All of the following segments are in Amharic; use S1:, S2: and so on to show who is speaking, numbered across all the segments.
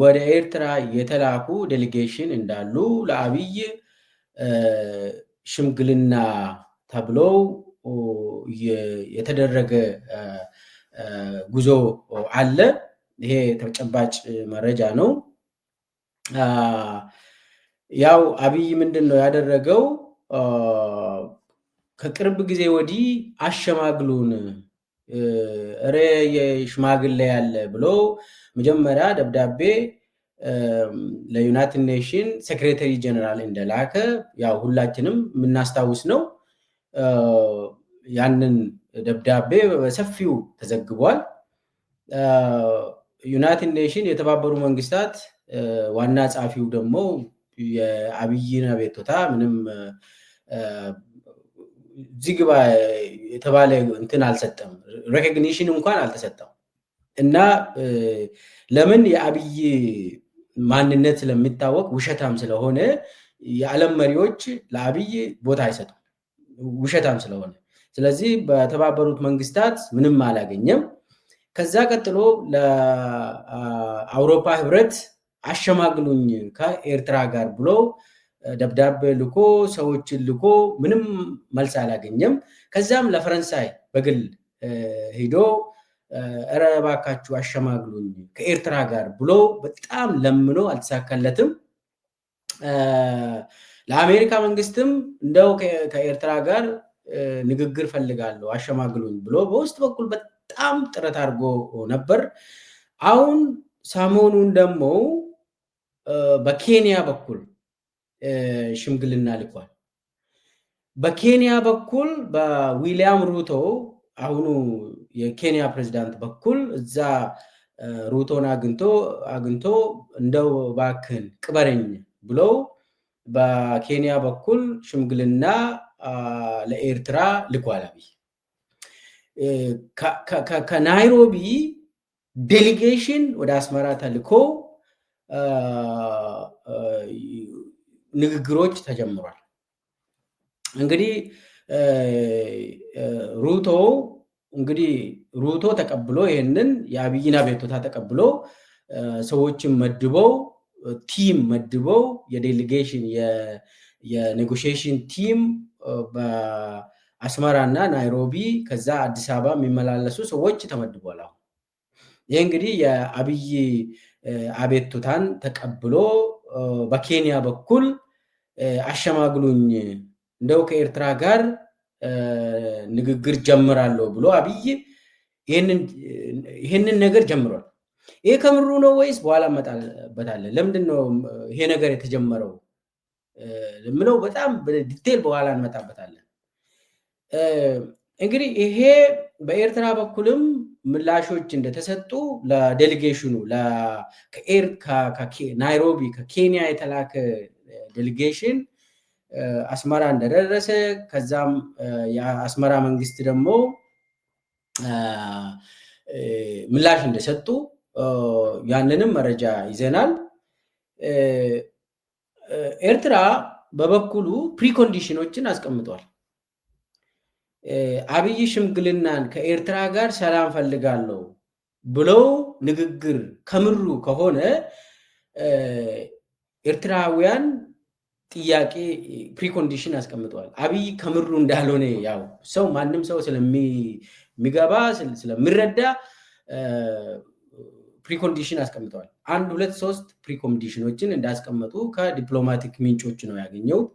S1: ወደ ኤርትራ የተላኩ ዴሊጌሽን እንዳሉ ለአብይ ሽምግልና ተብለው የተደረገ ጉዞ አለ። ይሄ ተጨባጭ መረጃ ነው። ያው አብይ ምንድን ነው ያደረገው? ከቅርብ ጊዜ ወዲህ አሸማግሉን እረ የሽማግሌ ያለ ብሎ መጀመሪያ ደብዳቤ ለዩናይትድ ኔሽን ሴክሬታሪ ጀነራል እንደላከ ያው ሁላችንም የምናስታውስ ነው። ያንን ደብዳቤ በሰፊው ተዘግቧል። ዩናይትድ ኔሽን የተባበሩ መንግስታት ዋና ጸሐፊው ደግሞ የአብይን ቤቶታ ምንም ዚግባ የተባለ እንትን አልሰጠም፣ ሬኮግኒሽን እንኳን አልተሰጠም። እና ለምን የአብይ ማንነት ስለሚታወቅ ውሸታም ስለሆነ የዓለም መሪዎች ለአብይ ቦታ አይሰጡም፣ ውሸታም ስለሆነ። ስለዚህ በተባበሩት መንግስታት ምንም አላገኘም። ከዛ ቀጥሎ ለአውሮፓ ህብረት አሸማግሉኝ ከኤርትራ ጋር ብሎ ደብዳቤ ልኮ ሰዎችን ልኮ ምንም መልስ አላገኘም። ከዛም ለፈረንሳይ በግል ሂዶ እረ እባካችሁ አሸማግሉኝ ከኤርትራ ጋር ብሎ በጣም ለምኖ አልተሳካለትም። ለአሜሪካ መንግስትም እንደው ከኤርትራ ጋር ንግግር ፈልጋለሁ አሸማግሉኝ ብሎ በውስጥ በኩል በጣም ጥረት አድርጎ ነበር። አሁን ሰሞኑን ደግሞ በኬንያ በኩል ሽምግልና ልኳል። በኬንያ በኩል በዊሊያም ሩቶ አሁኑ የኬንያ ፕሬዚዳንት በኩል እዛ ሩቶን አግኝቶ አግኝቶ እንደው ባክን ቅበረኝ ብለው በኬንያ በኩል ሽምግልና ለኤርትራ ልኳል። አብይ ከናይሮቢ ዴሊጌሽን ወደ አስመራ ተልኮ ንግግሮች ተጀምሯል። እንግዲህ ሩቶ እንግዲህ ሩቶ ተቀብሎ ይህንን የአብይን አቤቱታ ተቀብሎ ሰዎችን መድበው ቲም መድበው የዴሊጌሽን የኔጎሽሽን ቲም በአስመራ እና ናይሮቢ ከዛ አዲስ አበባ የሚመላለሱ ሰዎች ተመድበዋል። አሁን ይህ እንግዲህ የአብይ አቤቱታን ተቀብሎ በኬንያ በኩል አሸማግሉኝ እንደው ከኤርትራ ጋር ንግግር ጀምራለሁ ብሎ አብይ ይህንን ነገር ጀምሯል። ይሄ ከምሩ ነው ወይስ በኋላ እመጣበታለን። ለምንድን ነው ይሄ ነገር የተጀመረው ምለው በጣም ዲቴል በኋላ እንመጣበታለን። እንግዲህ ይሄ በኤርትራ በኩልም ምላሾች እንደተሰጡ ለዴሊጌሽኑ ናይሮቢ ከኬንያ የተላከ ዴሊጌሽን አስመራ እንደደረሰ ከዛም የአስመራ መንግስት ደግሞ ምላሽ እንደሰጡ ያንንም መረጃ ይዘናል። ኤርትራ በበኩሉ ፕሪኮንዲሽኖችን አስቀምጧል። አብይ ሽምግልናን ከኤርትራ ጋር ሰላም ፈልጋለሁ ብለው ንግግር ከምሩ ከሆነ ኤርትራውያን ጥያቄ ፕሪኮንዲሽን አስቀምጠዋል። አብይ ከምሩ እንዳልሆነ ያው ሰው ማንም ሰው ስለሚገባ ስለሚረዳ ፕሪኮንዲሽን አስቀምጠዋል። አንድ ሁለት ሶስት ፕሪኮንዲሽኖችን እንዳስቀመጡ ከዲፕሎማቲክ ምንጮች ነው ያገኘሁት።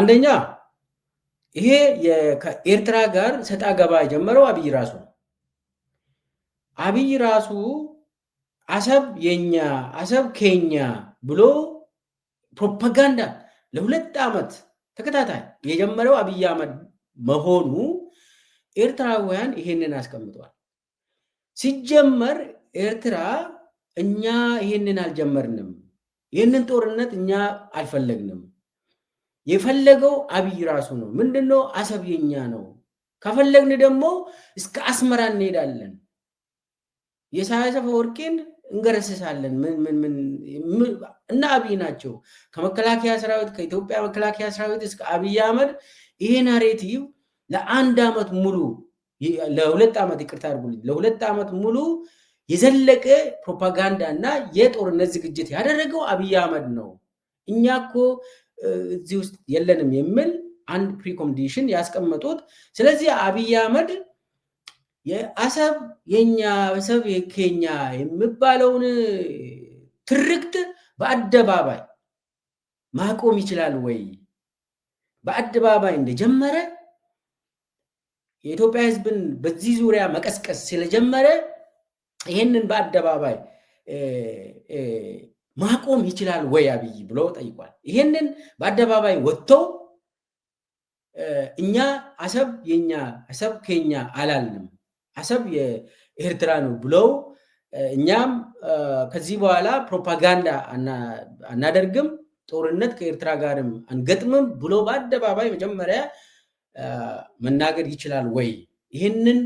S1: አንደኛ ይሄ ከኤርትራ ጋር ሰጣ ገባ የጀመረው አብይ ራሱ ነው። አብይ ራሱ አሰብ የኛ አሰብ ከኛ ብሎ ፕሮፓጋንዳን ለሁለት ዓመት ተከታታይ የጀመረው አብይ አህመድ መሆኑ ኤርትራውያን ይሄንን አስቀምጠዋል። ሲጀመር ኤርትራ እኛ ይሄንን አልጀመርንም፣ ይህንን ጦርነት እኛ አልፈለግንም። የፈለገው አብይ ራሱ ነው። ምንድነው? አሰብ የኛ ነው። ከፈለግን ደግሞ እስከ አስመራ እንሄዳለን። የኢሳያስ አፈወርቂን እንገረስሳለን። እና አብይ ናቸው ከመከላከያ ሰራዊት ከኢትዮጵያ መከላከያ ሰራዊት እስከ አብይ አህመድ ይሄ ናሬቲቭ ለአንድ ዓመት ሙሉ ለሁለት ዓመት ይቅርታ አድርጉልኝ፣ ለሁለት ዓመት ሙሉ የዘለቀ ፕሮፓጋንዳ እና የጦርነት ዝግጅት ያደረገው አብይ አህመድ ነው። እኛ እኮ እዚህ ውስጥ የለንም የሚል አንድ ፕሪኮንዲሽን ያስቀመጡት። ስለዚህ አብይ አህመድ የአሰብ የኛ ሰብ ኬኛ የሚባለውን ትርክት በአደባባይ ማቆም ይችላል ወይ? በአደባባይ እንደጀመረ የኢትዮጵያ ሕዝብን በዚህ ዙሪያ መቀስቀስ ስለጀመረ ይህንን በአደባባይ ማቆም ይችላል ወይ አብይ ብሎ ጠይቋል። ይህንን በአደባባይ ወጥቶ እኛ አሰብ የኛ አሰብ ኬኛ አላልንም አሰብ የኤርትራ ነው ብለው እኛም ከዚህ በኋላ ፕሮፓጋንዳ አናደርግም፣ ጦርነት ከኤርትራ ጋርም አንገጥምም ብሎ በአደባባይ መጀመሪያ መናገር ይችላል ወይ? ይህንን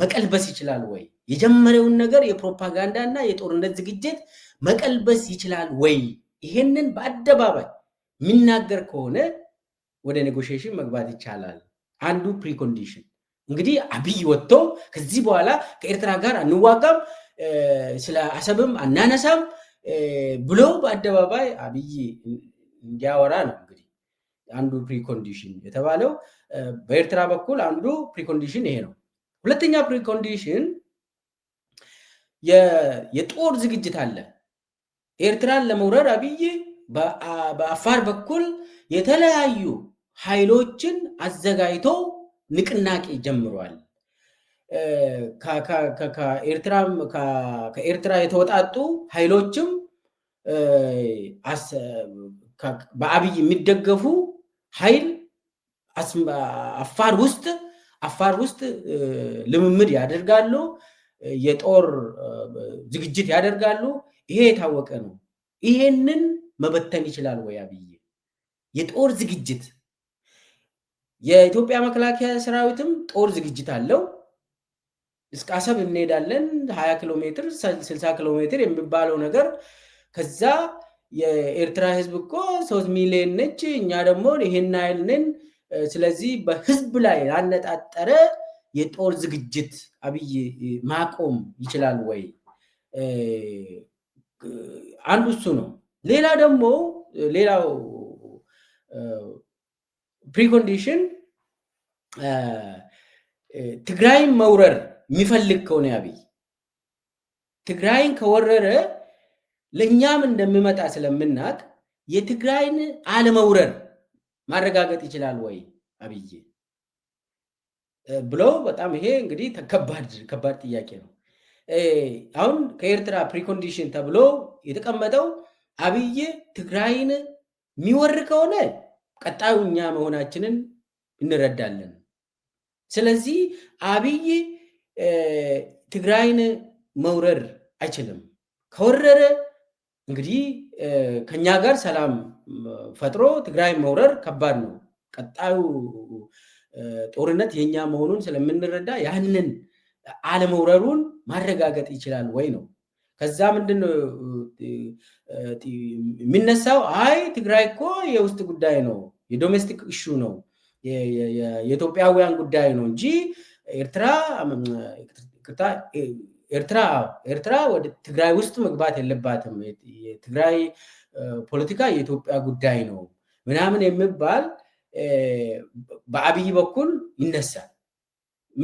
S1: መቀልበስ ይችላል ወይ? የጀመረውን ነገር የፕሮፓጋንዳ እና የጦርነት ዝግጅት መቀልበስ ይችላል ወይ? ይህንን በአደባባይ የሚናገር ከሆነ ወደ ኔጎሽሽን መግባት ይቻላል። አንዱ ፕሪኮንዲሽን እንግዲህ አብይ ወጥቶ ከዚህ በኋላ ከኤርትራ ጋር አንዋጋም፣ ስለ አሰብም አናነሳም ብሎ በአደባባይ አብይ እንዲያወራ ነው እንግዲህ አንዱ ፕሪኮንዲሽን የተባለው። በኤርትራ በኩል አንዱ ፕሪኮንዲሽን ይሄ ነው። ሁለተኛ ፕሪኮንዲሽን የጦር ዝግጅት አለ። ኤርትራን ለመውረር አብይ በአፋር በኩል የተለያዩ ኃይሎችን አዘጋጅቶ ንቅናቄ ጀምሯል። ከኤርትራ የተወጣጡ ኃይሎችም በአብይ የሚደገፉ ኃይል አፋር ውስጥ አፋር ውስጥ ልምምድ ያደርጋሉ፣ የጦር ዝግጅት ያደርጋሉ። ይሄ የታወቀ ነው። ይሄንን መበተን ይችላል ወይ አብይ? የጦር ዝግጅት የኢትዮጵያ መከላከያ ሰራዊትም ጦር ዝግጅት አለው። እስከ አሰብ እንሄዳለን። ሀያ ኪሎ ሜትር ስልሳ ኪሎ ሜትር የሚባለው ነገር ከዛ የኤርትራ ህዝብ እኮ ሶስት ሚሊዮን ነች፣ እኛ ደግሞ ይሄን አይልንን። ስለዚህ በህዝብ ላይ ያነጣጠረ የጦር ዝግጅት አብይ ማቆም ይችላል ወይ? አንዱ እሱ ነው። ሌላ ደግሞ ሌላው ፕሪኮንዲሽን ትግራይን መውረር የሚፈልግ ከሆነ አብይ ትግራይን ከወረረ ለእኛም እንደሚመጣ ስለምናቅ የትግራይን አለመውረር ማረጋገጥ ይችላል ወይ አብይ ብሎ በጣም ይሄ እንግዲህ ከባድ ጥያቄ ነው። አሁን ከኤርትራ ፕሪኮንዲሽን ተብሎ የተቀመጠው አብይ ትግራይን የሚወር ከሆነ ቀጣዩ እኛ መሆናችንን እንረዳለን። ስለዚህ አብይ ትግራይን መውረር አይችልም። ከወረረ እንግዲህ ከኛ ጋር ሰላም ፈጥሮ ትግራይ መውረር ከባድ ነው። ቀጣዩ ጦርነት የኛ መሆኑን ስለምንረዳ ያንን አለመውረሩን ማረጋገጥ ይችላል ወይ ነው ከዛ ምንድነው የሚነሳው? አይ ትግራይ እኮ የውስጥ ጉዳይ ነው፣ የዶሜስቲክ እሹ ነው፣ የኢትዮጵያውያን ጉዳይ ነው እንጂ ኤርትራ ኤርትራ ኤርትራ ወደ ትግራይ ውስጥ መግባት የለባትም፣ የትግራይ ፖለቲካ የኢትዮጵያ ጉዳይ ነው ምናምን የሚባል በአብይ በኩል ይነሳል።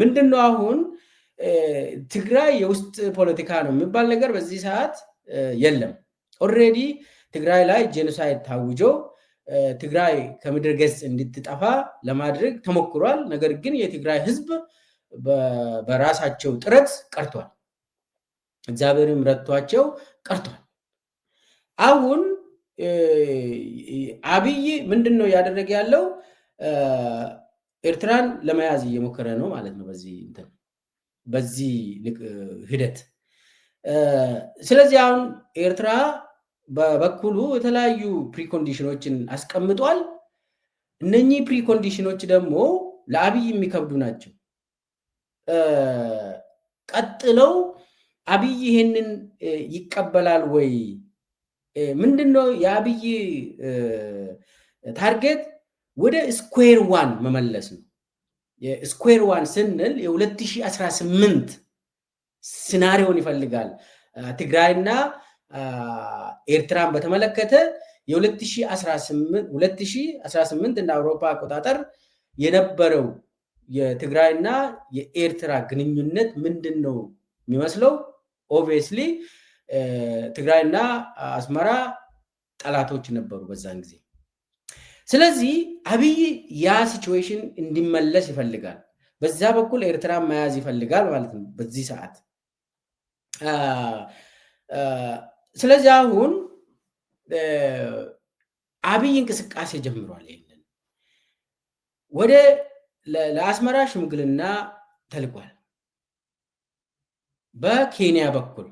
S1: ምንድን ነው አሁን ትግራይ የውስጥ ፖለቲካ ነው የሚባል ነገር በዚህ ሰዓት የለም። ኦልሬዲ ትግራይ ላይ ጄኖሳይድ ታውጆ ትግራይ ከምድር ገጽ እንድትጠፋ ለማድረግ ተሞክሯል። ነገር ግን የትግራይ ህዝብ በራሳቸው ጥረት ቀርቷል። እግዚአብሔርም ረድቷቸው ቀርቷል። አሁን አብይ ምንድን ነው እያደረገ ያለው? ኤርትራን ለመያዝ እየሞከረ ነው ማለት ነው በዚህ እንትን በዚህ ሂደት። ስለዚህ አሁን ኤርትራ በበኩሉ የተለያዩ ፕሪኮንዲሽኖችን አስቀምጧል። እነኚህ ፕሪኮንዲሽኖች ደግሞ ለአብይ የሚከብዱ ናቸው። ቀጥለው አብይ ይሄንን ይቀበላል ወይ? ምንድን ነው የአብይ ታርጌት? ወደ ስኩዌር ዋን መመለስ ነው። የስኩዌር ዋን ስንል የ2018 ሲናሪዮን ይፈልጋል። ትግራይና ኤርትራን በተመለከተ የ2018 እንደ አውሮፓ አቆጣጠር የነበረው የትግራይና የኤርትራ ግንኙነት ምንድን ነው የሚመስለው? ኦብቪየስሊ ትግራይና አስመራ ጠላቶች ነበሩ በዛን ጊዜ። ስለዚህ አብይ ያ ሲትዌሽን እንዲመለስ ይፈልጋል። በዛ በኩል ኤርትራ መያዝ ይፈልጋል ማለት ነው በዚህ ሰዓት። ስለዚህ አሁን አብይ እንቅስቃሴ ጀምሯል። ይህንን ወደ ለአስመራ ሽምግልና ተልቋል በኬንያ በኩል